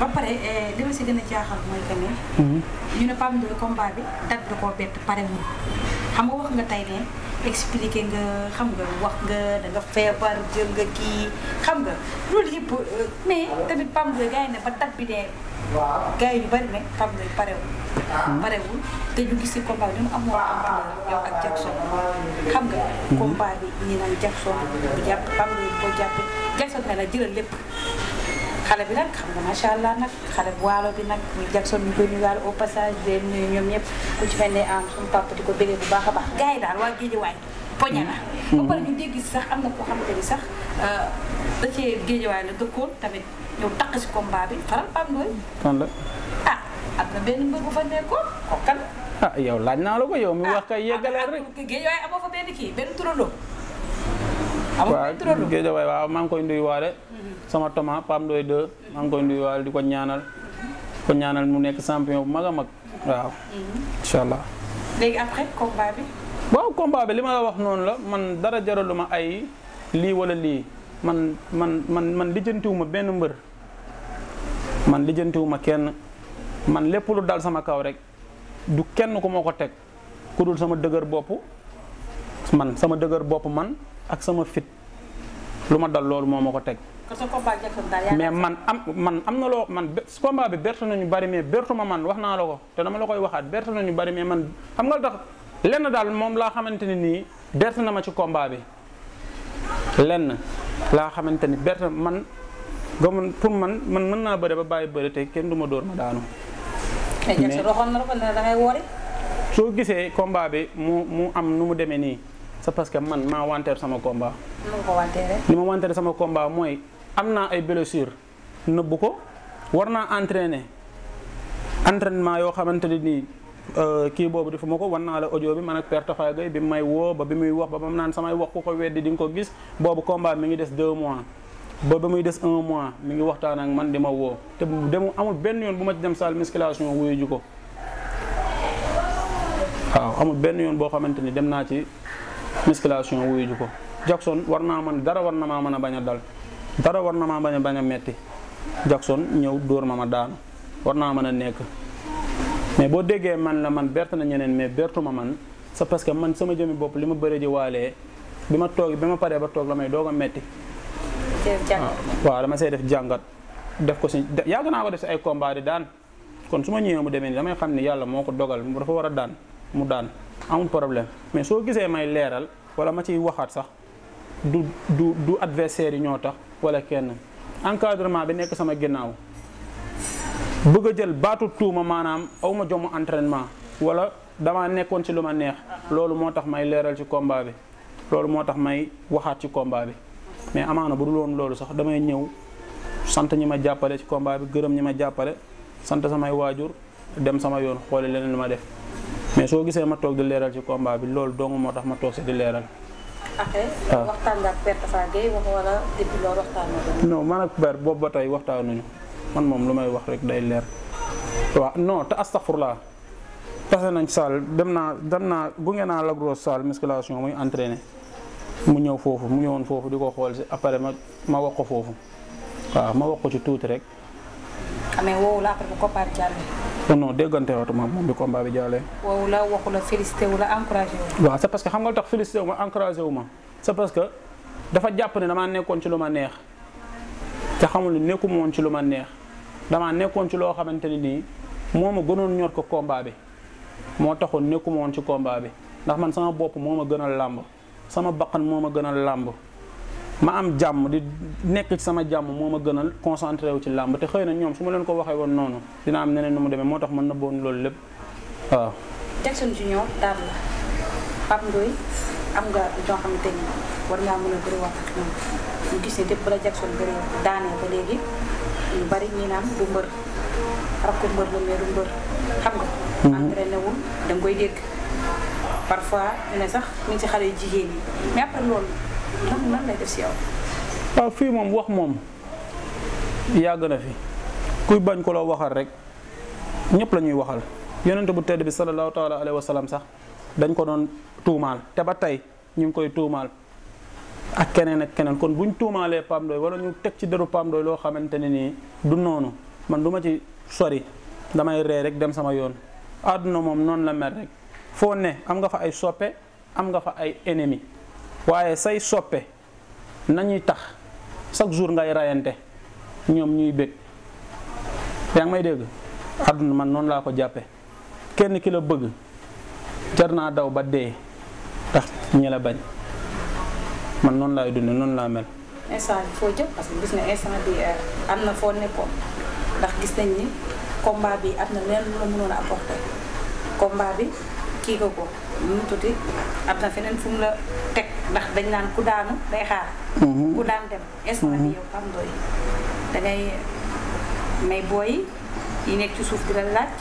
ba pare eh, li ma si gën a jaaxal mooy que ne. Mhm. ñu ne Pape Ndoye combat bi date da koo bett pare xam nga wax nga tey ne expliqué xam nga wax nga da nga feebar jël nga kii xam nga loolu yëpp euh, mais tamit Pape Ndoye gars yi ne ba date bi dee. gars yi ñu bari ne Pape Ndoye parewul. Mhm. parewul te ñu gis si combat bi ni mu amoon ak Jackson xam nga. Mhm. combat bi ñu naan Jackson bu jàpp Pape Ndoye boo jàppee Jackson ne la jëlal lépp. xale bi nag xam nga macha allah nag xale bu waalo bi nag muy Jackson ñu koy nuyuwaale au passage de nuyu ñoom ñëpp ku ci mel ne am suñu papa ko bégee bu baax a baax gars yi daal waa géejewaay poñe na mm-hmm. ba pare ñu dégg sax am na koo xamante ni sax euh, da cee géejewaay la dëkkoon tamit ñëw takk si combat bi faral Pape Ndoye kan la ah, fa nekkoon kooku ah yow laaj naa la ko yow mi ah, wax kay yeggaleel rek géejewaay amoo fa benn kii benn turandoo waaw Géejawaay waaw maa ngi koy nuyuwaale sama toma Pam Ndoye 2 maa ngi koy nuyuwaale di ko ñaanal ko ñaanal mu nekk champion bu mag a mag waaw incha allah léegi waaw combat bi li ma la wax noonu la man dara lu ma ay lii walla lii man man man man lijjantiwuma benn mbër man lijjantiwuma kenn man lépp lu dal sama kaw rek du kenn ku moo ko teg ku dul sama dëgër bopp man sama dëgër bopp man ak sama fit lu ma dal loolu moom ma ko teg. mais man am man am na loo man combat bi berte nañu bari mais bertu ma man wax naa la ko te dama la koy waxaat berte nañu bari mais man xam nga tax lenn daal moom laa xamante ne nii berte na ma ci combat bi lenn laa xamante ni berte man gëm pour man man mën naa bëre ba bàyyi bëre te kenn du ma dóor ma daanu. soo gisee combat bi mu mu am nu mu demee nii. c'est parce que man maa wanteer sama combat. li ma wanteer sama kombaa mooy am naa ay blessure nëbbu ko war naa entraîner entraînement yoo xamante ne nii euh, kii boobu defu ma ko wan naa la audio bi man ak Père Tafa Gueye bi mu may woo ba bi muy wax ba ba mu naan samay wax ku ko weddi di nga ko gis boobu combat mi ngi des 2 mois. ba ba muy des un mois mi ngi waxtaan ak man di ma woo te demu amul benn yoon bu ma ci dem saal musculation wuyu ju ko waaw amul benn yoon boo xamante ni dem naa ci. musculation wuyu ko Jackson war naa man dara war na maa mën a bañ a dal dara war na maa bañ a bañ a metti Jackson ñëw dóor ma ma daan war naa mën a nekk mais boo déggee man la man bert na ñeneen mais bertu ma man c'est parce que man sama jëmi bopp li ma bëre ji waalee bi ma toog bi ma paree ba toog la may doog a metti ah, waaw dama see def jàngat def ko si yàgg naa ko def si ay combat di daan kon su ma ñëwee mu demee nii damay xam ni yàlla moo ko dogal dafa war a daan mu daan amul problème mais soo gisee may leeral wala ma ciy waxaat sax du du du adversaire yi ñoo tax wala kenn encadrement bi nekk sama ginnaaw bëgg a jël baatu ma maanaam aw ma jomu entraînement wala damaa nekkoon ci lu ma neex loolu moo tax may leeral ci combat bi loolu moo tax may waxaat ci combat bi mais amaana bu dul woon loolu sax damay ñëw sant ñi ma jàppale ci combat bi gërëm ñi ma jàppale sant samay waajur dem sama yoon xoole leneen lu ma def mais soo gisee ma toog di leeral ci combat bi lool dong moo tax ma toog si di leeral. après ah, ah. man ak Père boobu ba tey waxtaanuñu man moom lu may wax rek day leer waaw non te astafurlaa tase nañ saal dem naa dem naa gunge naa la grosse salle musculation muy entraîner mu ñëw foofu mu ñëwoon foofu di ko xool si après ma ma wax ko foofu waaw ma wax ko ci tuuti rek. Ah, non déggante watuma moom bi combat bi jàllee. woowu la waxu la félicité wu la encouragé wu. waaw c'est parce que xam nga lu tax félicité wu ma encouragé wu c'est parce que dafa jàpp ne damaa nekkoon ci lu ma neex te xamul ne nekkuma woon ci lu ma neex damaa nekkoon ci loo xamante ne nii moom ma gënoon ñor ko combat bi moo taxoon nekkuma woon ci combat bi ndax man sama bopp a gën a làmb sama bakkan moo ma a làmb. ma am jàmm di nekk sama jàmm moo ma gënal concentré wu ci làmb te xëy na ñoom su ma leen ko waxee woon noonu dina am neneen nu mu demee moo tax mën na boon loolu lépp waaw. Jackson Junior daal a bëri wax ak ñoom ñu gis ne dépp la Jackson bëri daanee ba léegi ñu bari ñi naan du mbër rakku mbër la mais du mbër xam nga. Mhm. entraîné wul da koy dégg parfois ñu sax ñu ngi ci xale yu jigéen yi mais après loolu. nan waaw fii moom wax moom yàgg na fi kuy bañ ko la waxal rek ñépp la ñuy waxal yonent bu tedd bi sallallahu taala alayhi wa sallam sax dañ ko doon tuumaal te ba tey ñu ngi koy tuumaal. ak keneen ak keneen kon buñ tuumaalee Pape Ndoye ñu teg ci deru Pape loo xamante ne nii du noonu man du ma ci sori damay ree rek dem sama yoon àdduna moom noonu la mel rek foo ne am nga fa ay soppe am nga fa ay ennemi waaye say soppe nañuy tax chaque jour ngay rayante ñoom ñuy bëgg yaa ngi may dégg àdduna man noonu laa ko jàppe kenn ki la bëgg jar naa daw ba dee tax ñi la bañ man noonu laay dunde noonu laa mel instant bi foo jëm parce que gis nga instant bi euh, am na foo nekkoon ndax gis nañ ni combat bi am na leen lu la mënoon a apporter bi kii nga ko mu tuuti am na feneen fu la teg ndax dañ naan ku daanu day xaar. Mhm. ku daan dem instant bi mhm. yow PAM doy da may booy yi nekk ci suuf di la laaj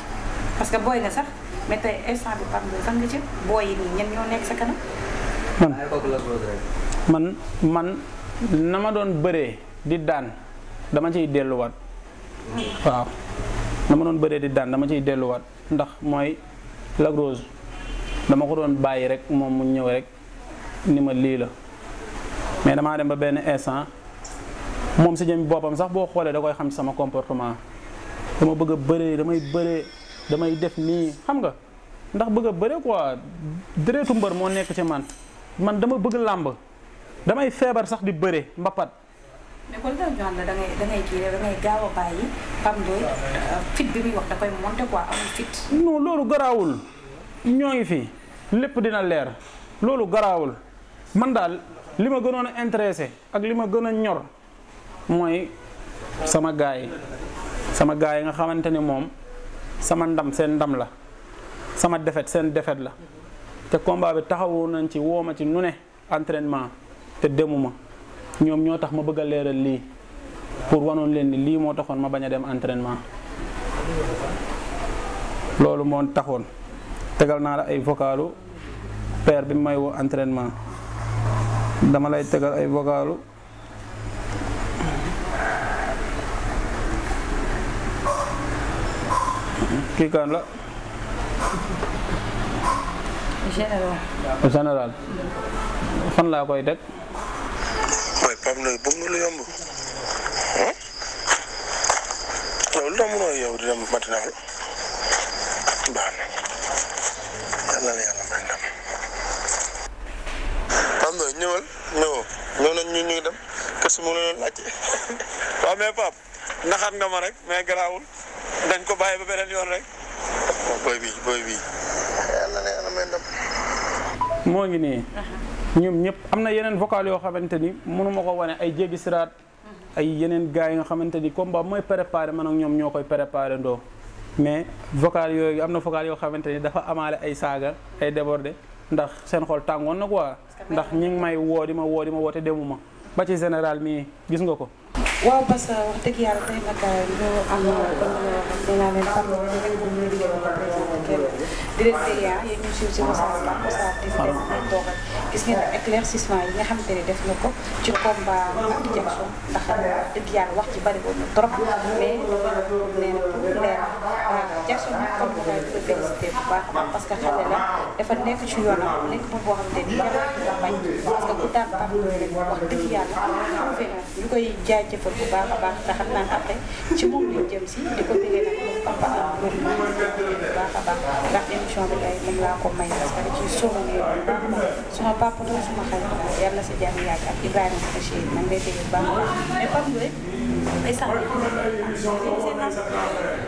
parce que booy nga sax mais tey instant bi PAM doy fan nga ci booy yi nii ñoo nekk sa kanam. man man na ma doon bëree di daan dama ciy delluwaat. Mm. waaw na ma doon bëree di daan dama ciy delluwaat ndax mooy Lac dama ko doon bàyyi rek moom mu ñëw rek ni ma lii la mais damaa dem ba benn instant moom si jëm boppam sax boo xoolee da koy xam sama comportement dama bëgg a bëree damay bëree damay def nii xam nga ndax bëgg a bëree quoi déretu moo nekk ci man man dama bëgg làmb damay feebar sax di bëre mbapat. mais loolu garaawul. ñoo ngi fii lépp dina leer loolu garaawul man daal li ma gënoon a intéressé ak li ma gën a ñor mooy sama gaay yi sama gaay yi nga xamante ni moom sama ndam seen ndam la sama defet seen defet la te combat bi taxawu nañ ci woo ma ci nu ne entraînement te demuma ñoom ñoo tax ma bëgg a leeral lii pour wanoon leen lii moo taxoon ma bañ a dem entrainement loolu moo taxoon tegal naa la ay vocalu père bi may woo entraînement dama lay tegal ay vocalu kii kan la général général fan laa koy teg mooy Pape Ndoye bëgg nga di dem matinal yàlla na yàlla may ndam. Pape Ndoye ñëwal ñëwoo ñëw nañ ñu ñu dem kese la laajte waaw mais Pape nga ma rek mais garaawul dañ ko bàyyi ba beneen yoon rek. bi moo ngi nii. ñoom ñëpp am na yeneen vocal yoo xamante ni mënuma ko wane ay jéggi siraat. ay yeneen gars yi nga xamante ni combat mooy préparé man ak ñoom ñoo koy préparé ndoo. mais vocal yooyu am na vocal yoo xamante ni dafa amaale ay saaga ay débordé ndax seen xol tàngoon na quoi ndax ñi ngi may woo di ma woo di ma woote demuma ba ci général mi gis nga ko waaw parce gis ngeen éclaircissement yi nga xamante ne def na ko ci combat ak Jackson ndax dëgg yàlla wax ci bari woon na trop mais nee na leer Jackson nag comme dafay félicité bu parce que xale la dafa nekk ci yoonam nekk moom boo xamante ni yàlla dafa bañ parce que ku daan Pape Ndoye rek wax dëgg yàlla ñu koy jaajëfal bu baax a baax te xam naa après ci jëm si di ko déggee bu baax a baax ndax émission bi tey a baax suma papa doon suma xarit daal yàlla sa jàmm yàgg ak baax a baax mais Pape Ndoye ay sax ah,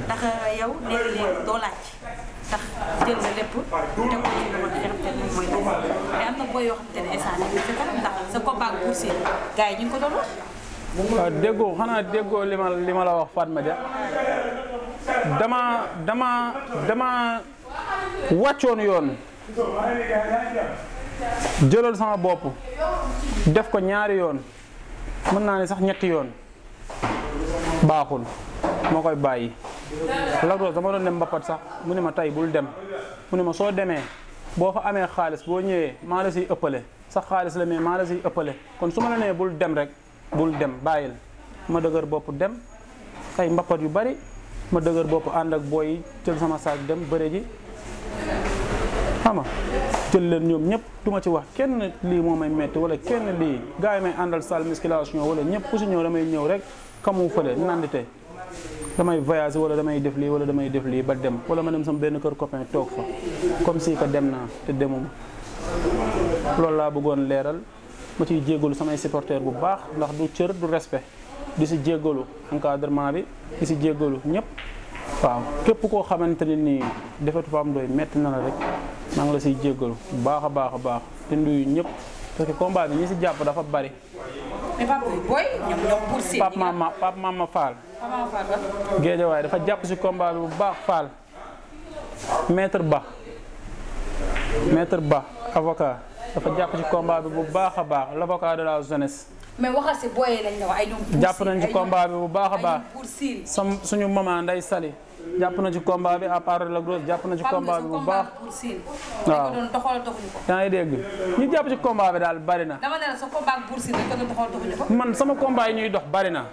ndax yow léegi-léegi ko ci loxo nga xamante ne mooy mais am na si yoo xamante ne instant yii sa kanam ndax sa combat boursier gars yi ñu ko doon Euh, déggoo xanaa déggoo lima li ma la wax Fatma Dia dama dama dama wàccoon yoon jëlal sama bopp def ko ñaari yoon mën naa ne sax ñetti yoon baaxul moo koy bàyyi lagros dama doon dem mbappat sax mu ne ma tey bul dem mu ne ma soo demee boo fa amee xaalis boo ñëwee maa la siy ëppale sax xaalis la mais maa la siy ëppale kon su ma la nee bul dem rek bul dem bàyyil ma dëgër bopp dem ay mbappat yu bari ma dëgër bopp ànd ak booy yi jël sama saag dem bëre ji xam nga jël leen ñoom ñëpp du ma ci wax kenn lii moo may metti wala kenn lii gars yi may àndal salle musculation wala ñëpp ku si ñëw damay ñëw rek kamu fële nandite damay voyage wala damay def lii wala damay def lii ba dem wala ma dem sama benn kër copain toog fa comme si que dem naa te demuma loolu laa bëggoon leeral ma ciy jéggalu samay supporteurs bu baax ndax du cër du respect di si jéggalu encadrement bi di si jéggalu ñëpp waaw képp koo xamante ne nii defetu fa am metti na la rek maa ngi la siy jéggalu bu baax a baax a baax te nuyu ñëpp parce que combat bi ñi si jàpp dafa bari. mais Pape Boy ñoom ñoom pour si. dafa jàpp si combat bi bu baax Fall maître Ba maître Ba avocat. dafa jàpp ci combat bi bu baax a baax l' avocat de la jeunesse. mais waxal si booyee lañ ay jàpp nañ ci combat bi bu baax a baax sam suñu maman Ndeye Sali. jàpp na ci combat bi à part la grosse jàpp na ci combat bi bu baax. waaw yaa ngi dégg ñu jàpp ci combat bi daal bari na. dama man sama combat yi ñuy dox bari na.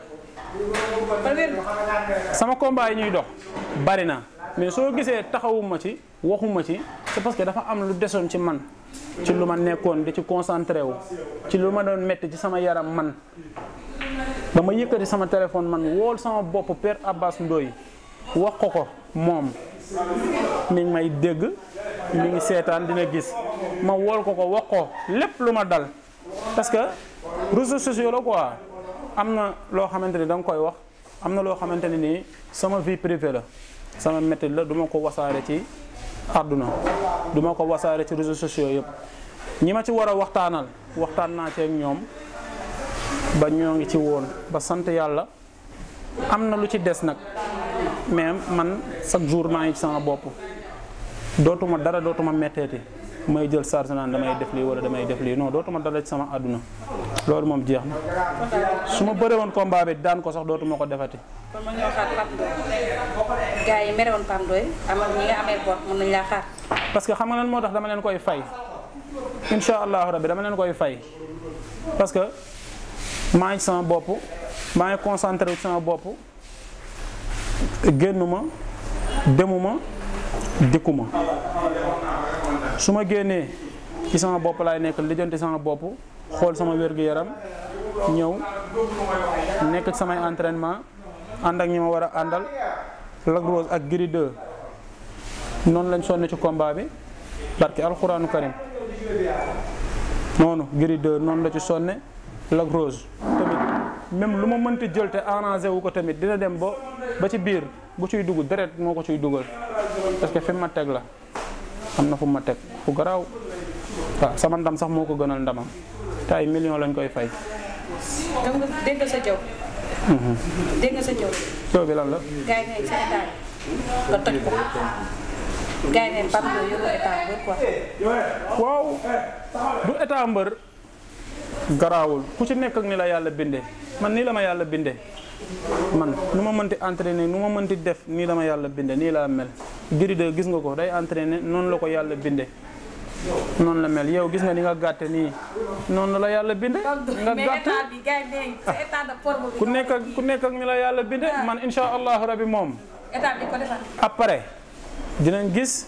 sama combat yi ñuy dox bari na mais soo gisee taxawuma ci waxuma ci c'est parce que dafa am lu desoon ci man. ci lu ma nekkoon di ci concentré wu ci lu ma doon métti ci sama yaram man ba ma yëkkati sama téléphone man wool sama bopp Père Abbas Ndoye wax ko ko moom mi may dégg mu ngi seetaan dina gis ma wool ko ko wax ko lépp lu ma dal parce que réseaux sociaux la quoi am na loo xamante ni da nga koy wax am na loo xamante ne nii sama vie privée la sama métti la duma ko wasaare ci àdduna duma ko wasaare ci réseau sociaux yëpp ñi ma ci war a waxtaanal waxtaan naa ci ak ñoom ba ñoo ngi ci woon ba sant yàlla am na lu ci des nag mais man chaque jour maa ngi sama bopp dootuma dara dootuma metteeti may jël charge naan damay def lii wala damay def lii non dootuma dara sama àdduna loolu moom jeex na su ma bëre woon combat bi daan ko sax dootuma ko defati gars yi merewoon Pam Ndoye parce que xam nga ne moo tax dama leen koy fay incha allahu bi dama leen koy fay parce que maa ngi sama bopp maa ngi concentré wu sama bopp ma demuma ma su ma génnee ci sama bopp laay nekk lijjanti sama bopp xool sama wér-gu-yaram ñëw nekk samay entrainement ànd ak ñi ma war a àndal Lac Rose ak Gris noonu lañ sonne ci combat bi barke alxuraanu karim noonu Gris 2 noonu la ci sonne Lac Rose tamit même lu ma mënti jël te arrangé wu ko tamit dina dem ba ba ci biir bu ciy dugg deret moo ko ciy dugal parce que fi ma teg la am na fu ma teg fu garaw waaw ah, sama ndam sax moo ko gënal ndamam te ay millions lañ koy fay. dégg nga sa mbër waaw du état mbër garaawul ku ci nekk ak ni la yàlla bindee man nii la ma yàlla bindee man nu ma mënti entraîner nu ma mënti def nii la ma yàlla bindee nii laa mel. Gris gis nga ko day entraîner noonu la ko yàlla bindee. noonu la mel yow gis nga ni nga gàtte nii noonu la yàlla binde nga gàtte ku nekk ku nekk ak ni la yàlla binde ah. man insha allahu rabi moom après dinañ gis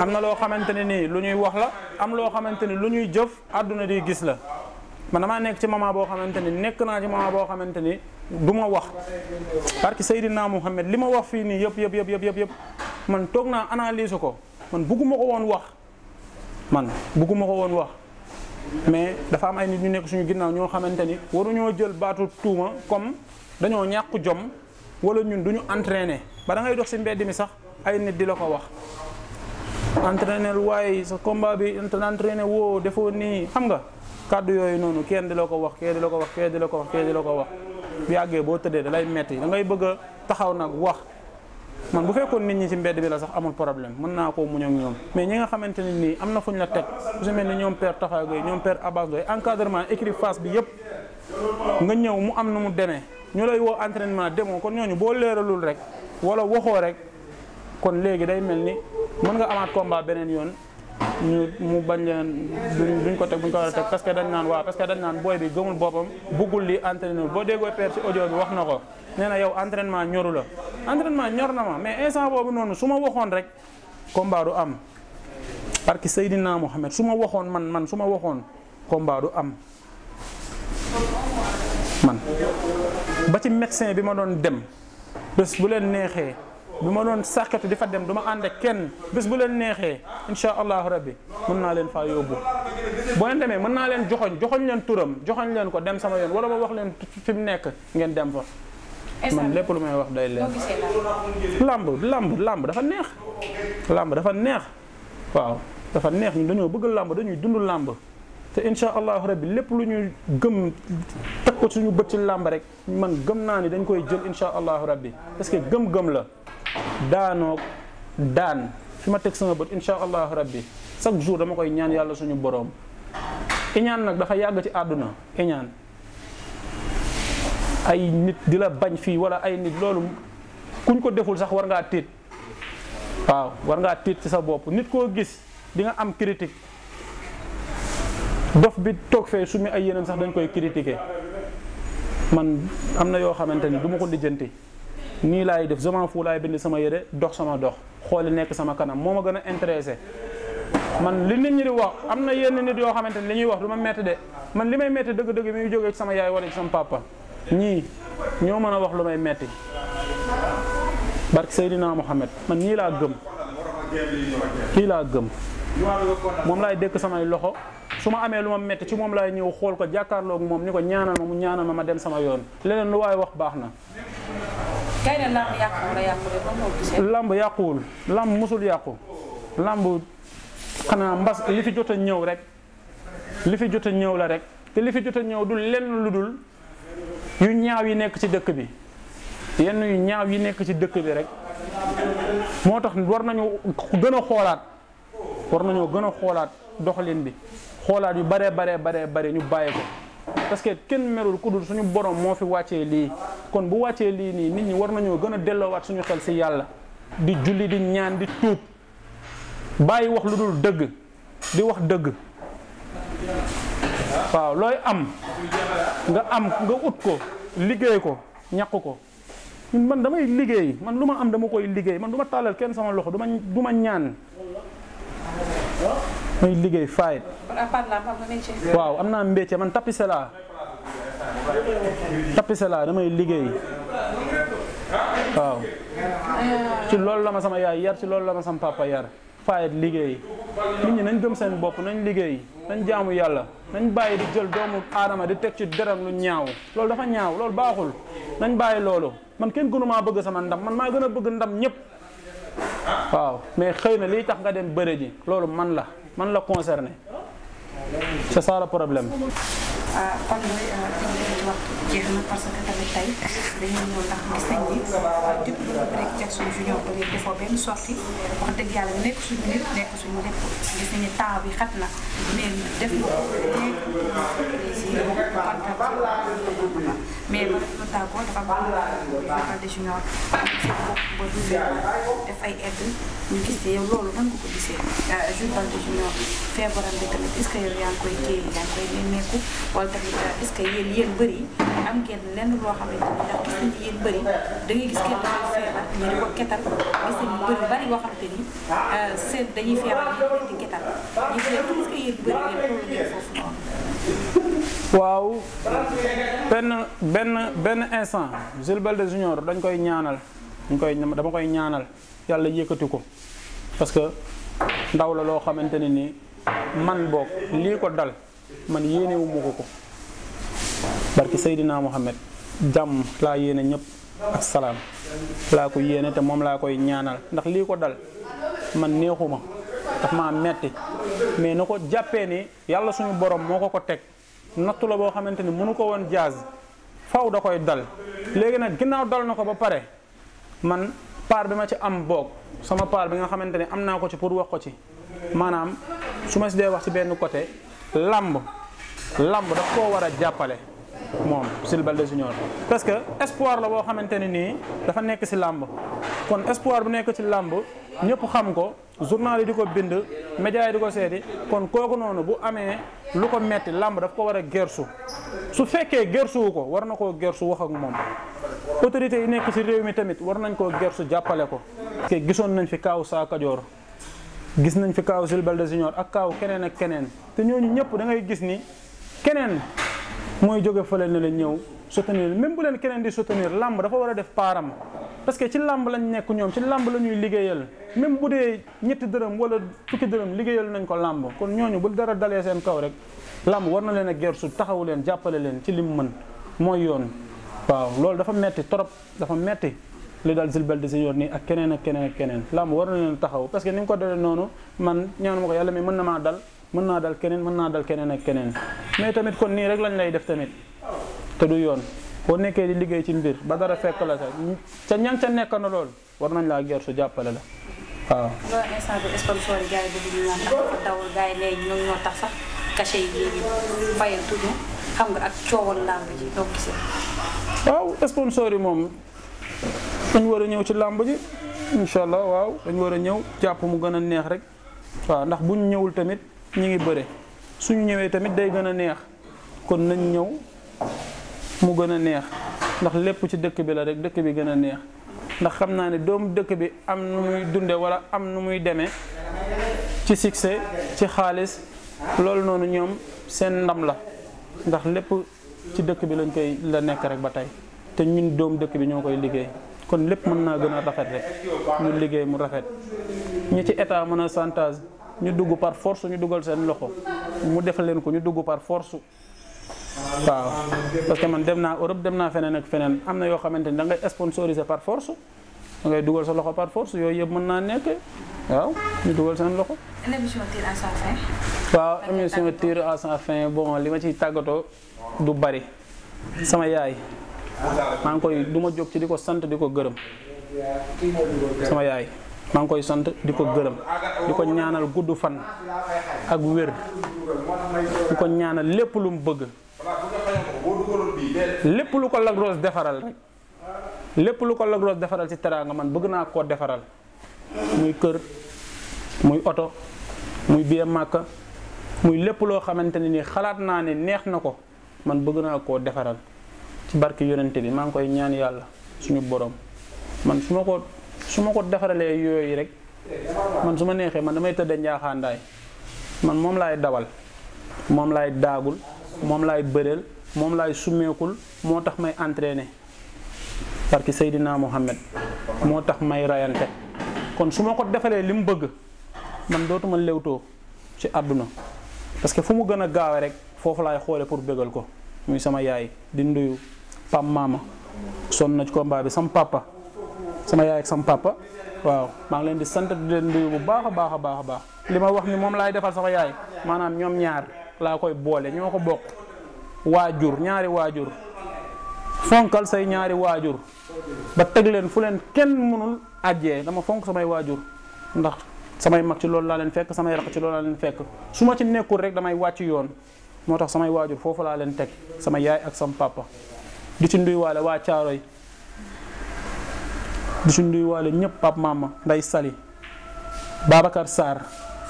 am na loo xamante ne nii lu ñuy wax la am loo xamante ni lu ñuy jëf àdduna di gis la man damaa nekk ci moment boo xamante ni nekk naa ci moment boo xamante ni du ma wax parce que Seydina Muhammad li ma wax fii nii yëpp yëpp yëpp yëpp yëpp man toog naa analyse ko man bugguma ko woon wax man bugguma ko woon wax mais dafa am ay nit ñu nekk suñu ginnaaw ñoo xamante ni waruñoo jël baatu tuuma comme dañoo ñàkk jom wala ñun du ñu entraîner ba ngay dox si mbedd mi sax ay nit di la ko wax. entraîner waaye sa combat bi entraîner woo defoo nii xam nga kàddu yooyu noonu kenn di la ko wax kenn di la ko wax kenn di la ko wax kenn di la ko wax bu yàggee boo tëddee da lay metti da ngay bëgg taxaw nag wax. man bu fekkoon nit ñi ci mbedd bi la sax amul problème mën naa koo muñ ñoom mais ñi nga xamante ne nii am na fu ñu la teg ku si mel ni ñoom père Tafa Gueye ñoom père Abbas Gueye encadrement équipe face bi yëpp nga ñëw mu am na mu demee ñu lay woo entraînement demoo kon ñooñu boo leeralul rek wala waxoo rek kon léegi day mel ni mën nga amaat combat beneen yoon ñu mu bañ leen duñ ko teg buñ ko war a teg parce que dañ naan waaw parce que dañ naan boo déggoo père ci audio bi wax na ko nee na yow entraînement ñoru la entraînement ñor na ma mais instant boobu noonu su ma waxoon rek combat am parce que Seydina Mohamed su ma waxoon man man su ma waxoon combat am man ba ci médecin bi ma doon dem bés bu leen neexee bi ma doon sàkkatu di fa dem du ma ànd kenn bés bu leen neexee incha allahu rabbi mën naa leen faa yóbbu boo leen demee mun naa leen joxoñ joxoñ leen turam joxoñ leen ko dem sama yoon wala ma wax leen fi mu nekk ngeen dem fa man lépp lu may wax day leer. làmb làmb làmb dafa neex. làmb dafa neex. waaw dafa neex ñun dañoo bëgg làmb dañuy dund làmb te incha allahu bi lépp lu ñuy gëm teg ko suñu bët ci làmb rek man gëm naa ni dañ koy jël incha allahu bi parce que gëm-gëm la daanoo daan su ma teg sama bët incha allahu bi chaque jour dama koy ñaan yàlla suñu boroom. iñaan nag dafa yàgg ci àdduna iñaan ay nit di la bañ fii wala ay nit loolu kuñ ko deful sax war ngaa tiit waaw war ngaa tiit ci sa bopp nit koo gis di nga am critique dof bi toog fee su mi ay yeneen sax dañ koy critiquer man am na yoo xamante ni du ma ko lijjanti nii laay def je m'en fous laay bind sama yére dox sama dox xooli nekk sama kanam moo ma gën a intéressé man li nit ñi di wax am na yenn nit yoo xamante ni li ñuy wax du ma metti de man li may metti dëgg-dëgg mi ngi sama yaay wala ci sama ñii ñoo mën a wax lu may metti barke Seydina Mohamed man ñii laa gëm kii laa gëm moom laay dëkk samay loxo su ma amee lu ma metti ci moom laay ñëw xool ko jàkkaarloog moom ni ko ñaanal ma mu ñaanal ma ma dem sama yoon leneen lu waaye wax baax na. làmb yàquwul la yàquwul yàqu làmb xanaa mbas li fi jot a ñëw rek li fi jot ñëw la rek te li fi jot ñëw du lenn lu dul. yu ñaaw yi nekk ci dëkk bi yenn yu ñaaw yi nekk ci dëkk bi rek moo tax war nañu gën a xoolaat war nañoo gën a xoolaat doxalin bi xoolaat yu baree baree baree bare ñu bàyyi ko parce que kenn merul ku dul suñu borom moo fi wàccee lii kon bu wàccee lii nii nit ñi war nañoo gën a delloowaat suñu xel si yàlla di julli di ñaan di tuub bàyyi wax lu dul dëgg di wax dëgg waaw looy am nga am nga ut ko liggéey ko ñàq ko man damay liggéey man lu ma am dama koy liggéey man du tàllal kenn sama loxo du ma ma ñaan. may liggéey faay. waaw am naa métier man tapissé laa. tapissé laa damay liggéey. waaw. ci loolu la ma sama yaay yar ci loolu la ma sama papa yar. fayet liggéey nit ñi nañ gëm seen bopp nañ liggéey nañ jaamu yàlla nañ bàyyi di jël doomu aadama di teg ci deram lu ñaaw loolu dafa ñaaw loolu baaxul nañ bàyyi loolu man kenn gënumaa bëgg sama ndam man maa gën a bëgg ndam ñëpp waaw mais xëy na liy tax nga dem bëre ji loolu man la man la concerné sa ça le problème ah, euh, waxtu jeex na parce que tamit tey dañuy ñëw ndax gis nañ ni depuis le break Jackson Junior ba bi xat na def nga mais ba dafa tàggoo dafa baax dafa de junior seen bopp ba du def ay ñu gis ne loolu nan ko gisee euh, journal de junior feebaram bi tamit est yaa ngi koy téye yaa ngi koy nemmeeku wala tamit euh, est-ce bëri yi am ngeen euh, waaw benn benn benn instant Jules Baldé Junior dañ koy ñaanal dañ koy dama koy ñaanal yàlla yëkkati ko parce que ndaw la loo xamante ne ni man boog lii ko dal man yéenewuma ko ko. barki Seydina Mohamed jàmm laa yéene ñëpp ak salaam laa ko yéene te moom laa koy ñaanal ndax lii ko dal man neexuma daf maa metti mais na ko jàppee ni yàlla suñu borom moo ko ko teg nattu la boo xamante ni mënu ko woon jaas faw da koy dal léegi nag ginnaaw dal na ko ba pare man part bi ma ci am boog sama part bi nga xamante ne am naa ko ci pour wax ko ci maanaam su ma si dee wax ci benn côté làmb làmb daf koo war a jàppale moom Jules Baldé Junior parce que espoir la boo xamante ne nii dafa nekk si làmb kon espoir bu nekk ci làmb ñëpp xam ko journal yi di ko bind média yi di ko seeti kon kooku noonu bu amee lu ko metti làmb daf ko war a gersu su fekkee gersuwu ko war na koo gersu wax ak moom autorités yi nekk si réew mi tamit war nañ koo gersu jàppale ko parce gisoon nañ fi kaaw saa Kajoor gis nañ fi kaaw Jules Baldé Junior ak kaaw keneen ak keneen te ñooñu ñëpp da ngay gis ni keneen mooy jóge fële ne leen ñëw soutenir même bu leen keneen di soutenir làmb dafa war a def paaram parce que ci làmb lañ nekk ñoom ci làmb la liggéeyal même bu dee ñetti dërëm wala fukki dërëm liggéeyal nañ ko làmb kon ñooñu bu dara dalee seen kaw rek làmb war na leen a gersu taxawu leen jàppale leen ci lim mën mooy yoon waaw loolu dafa metti trop dafa metti li daal Jules Baldé nii ak keneen ak keneen ak keneen làmb war na leen taxaw parce que ni ko dalee noonu man ñaanu ma ko yàlla mi mën na maa dal mën naa dal keneen mën naa dal keneen ak keneen mais tamit kon nii rek lañ lay def tamit te du yoon boo nekkee di liggéey ci mbir ba dara fekk la sax ca ñan ca nekk na lool war nañ laa gersu jàppale la waaw. loolu instant bi sponsor yi tax sax cachet nga ak coowal làmb ji yi moom dañ war a ñëw ci làmb ji incha allah waaw dañ war a ñëw jàpp mu gën a neex rek waaw ndax buñ ñëwul tamit. ñi ngi bëre suñu ñëwee tamit day gën a neex kon nañ ñëw mu gën a neex ndax lépp ci dëkk bi la rek dëkk bi gën a neex ndax xam naa ne doom dëkk bi am nu muy dunde wala am nu muy demee ci succès ci xaalis loolu noonu ñoom seen ndam la ndax lépp ci dëkk bi lañ koy la nekk rek ba tey te ñun doom dëkk bi ñoo koy liggéey kon lépp mën naa gën a rafet rek ñu liggéey mu rafet ñi ci état mën a chantage ñu dugg par force ñu dugal seen loxo mu defal leen ko ñu dugg par force waaw parce que man dem naa Europe dem naa feneen ak feneen am na yoo xamante ni da ngay sponsoriser par force da ngay dugal sa loxo par force yooyu yëpp mën naa nekk waaw ñu dugal seen loxo. waaw émission tire à sa fin bon li ma ciy tàggatoo du bari sama yaay maa ngi koy du ma jóg ci di ko sant di ko gërëm sama yaay. maa ngi koy sant di ko gërëm di ko ñaanal gudd fan ak wér di ko ñaanal lépp lu mu bëgg lépp lu ko Lac defaral rek lépp lu ko Lac defaral ci teraanga man bëgg naa koo defaral muy kër muy oto muy biir màkk muy lépp loo xamante ne ni xalaat naa ne neex na ko man bëgg naa koo defaral ci barke yonente bi maa ngi koy ñaan yàlla suñu borom man su ma ko su ma ko defaralee yooyu rek man su ma neexee man damay tëdd njaaxaandaay man moom laay dawal moom laay daagul moom laay bëreel moom laay summeekul moo tax may entraîner parce que Seydina Mohamed moo tax may rayante kon su ma ko defalee li mu bëgg man dootuma lewtoo ci àdduna parce que fu mu gën a gaawe rek foofu laay xoole pour bégal ko muy sama yaay di nduyu pam maama sonn ko ci bi sama papa sama yaay ak sama papa waaw maa ngi leen di sant di leen nuyu bu baax a baax a baax a baax li ma wax ni moom laay defal sama yaay maanaam ñoom ñaar laa koy boole ñoo ko bokk waajur ñaari waajur fonkal say ñaari waajur ba teg leen fu leen kenn mënul àjjee dama fonk samay waajur ndax samay mag ci loolu laa leen fekk samay rakk ci loolu laa leen fekk su ma ci nekkul rek damay wàcc yoon moo tax samay waajur foofu laa leen teg sama yaay ak sama papa di ci nduywaale waa Caaroy di ci nuyuwaale ñëpp Pape Mama nday Sali Babacar Sarr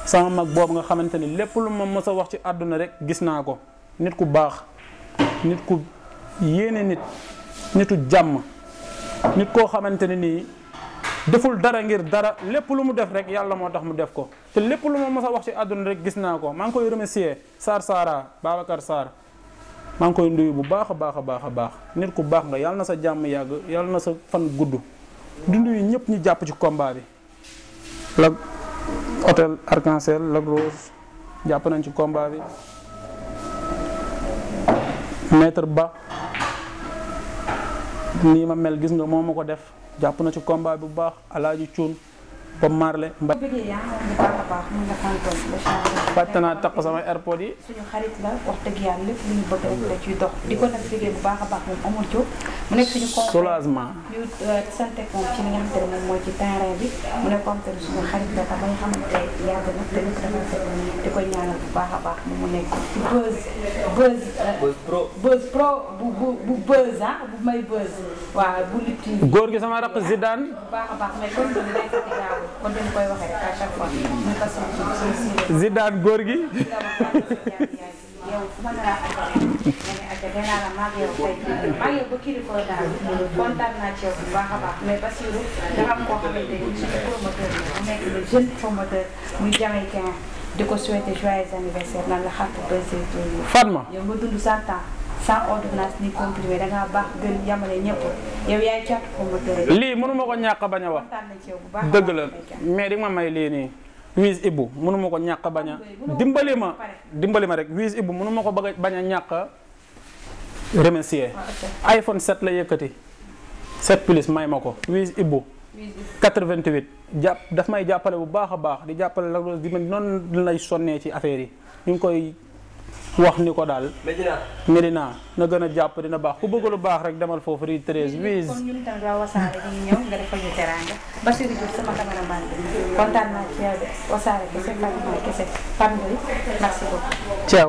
sama mag boobu nga xamante ni lépp lu ma mës a wax ci àdduna rek gis naa ko nit ku baax nit ku yéene nit nitu jàmm nit koo xamante ne nii deful dara ngir dara lépp lu mu def rek yàlla moo tax mu def ko te lépp lu ma mës a wax ci àdduna rek gis naa ko maa ngi koy remercier saar Saara Babacar Sarr maa ngi koy nuyu bu baax a baax a baax a baax nit ku baax nga yàlla na sa jàmm yàgg yàlla na sa fan gudd. dund nuyu ñëpp ñu jàpp ci komba bi. Lac hôtel Arc-en-Ciel Rose jàpp nañ ci combat bi maître Ba nii ma mel gis nga moom ma ko def jàpp na ci combat bi bu baax Alaaji Cuun Bob Marley Mbaye. fàtte naa takk sama airpod yi. suñu xarit la wax dëgg yàlla lépp lu ñu bëgg rek la ciy dox. di ko nag liggéey bu baax a baax moom amul jóg. mu nekk suñu conseil soulagement. ñu euh, sant moom ci li nga xamante ne moom mooy ci terrain bi mu nekk suñu xarit la ba nga xamante yàgg na te lépp dafa fekk di ko ñaanal bu baax a baax mu nekk ci buzz. buzz euh, buzz bu bu bu buzz ah bu may buzz. waaw bu gi sama raq Zidane. a kon dañ koy waxee rek à chaque fois muy façon suñu Zidane góor gi. yow fu ma la la maag yow tey maa yow ba kilifa daal kontaan naa ci yow bu baax a baax mais Basirou dafa am koo xamante ni suñu promoteur la nekk le jeune promoteur muy jamaïcain di ko souhaiter joyeux anniversaire nan la xam ko Fatma yow nga dund cent ans sans ordonnance ni comprimé da ngaa baax lii mënu ko ñàkk bañ wax. dëgg la mais di ma may lii nii. wiis ibu mënu ko ñàkk baña a. dimbali ma dimbali ma rek wiis ibu mënuma ko bëgg baña a ñàkk ah, remercier iPhone 7 la yëkkati 7 plus may ma ko wiis ibu 88 jàpp daf may jàppale bu baax a baax di jàppale la di noonu lay sonnee ci affaire yi ñu ngi koy. wax ni ko daal. Medina na gën a jàpp dina baax ku bëgg lu baax rek demal foofu rue 13 bis. kon ñun tam waa Wassare ñu ñëw nga defal teraanga Bassirou Diouf sama cameraman bi kontaan naa ci yow de Wassare kese Fatima kese Pape Ndoye merci beaucoup.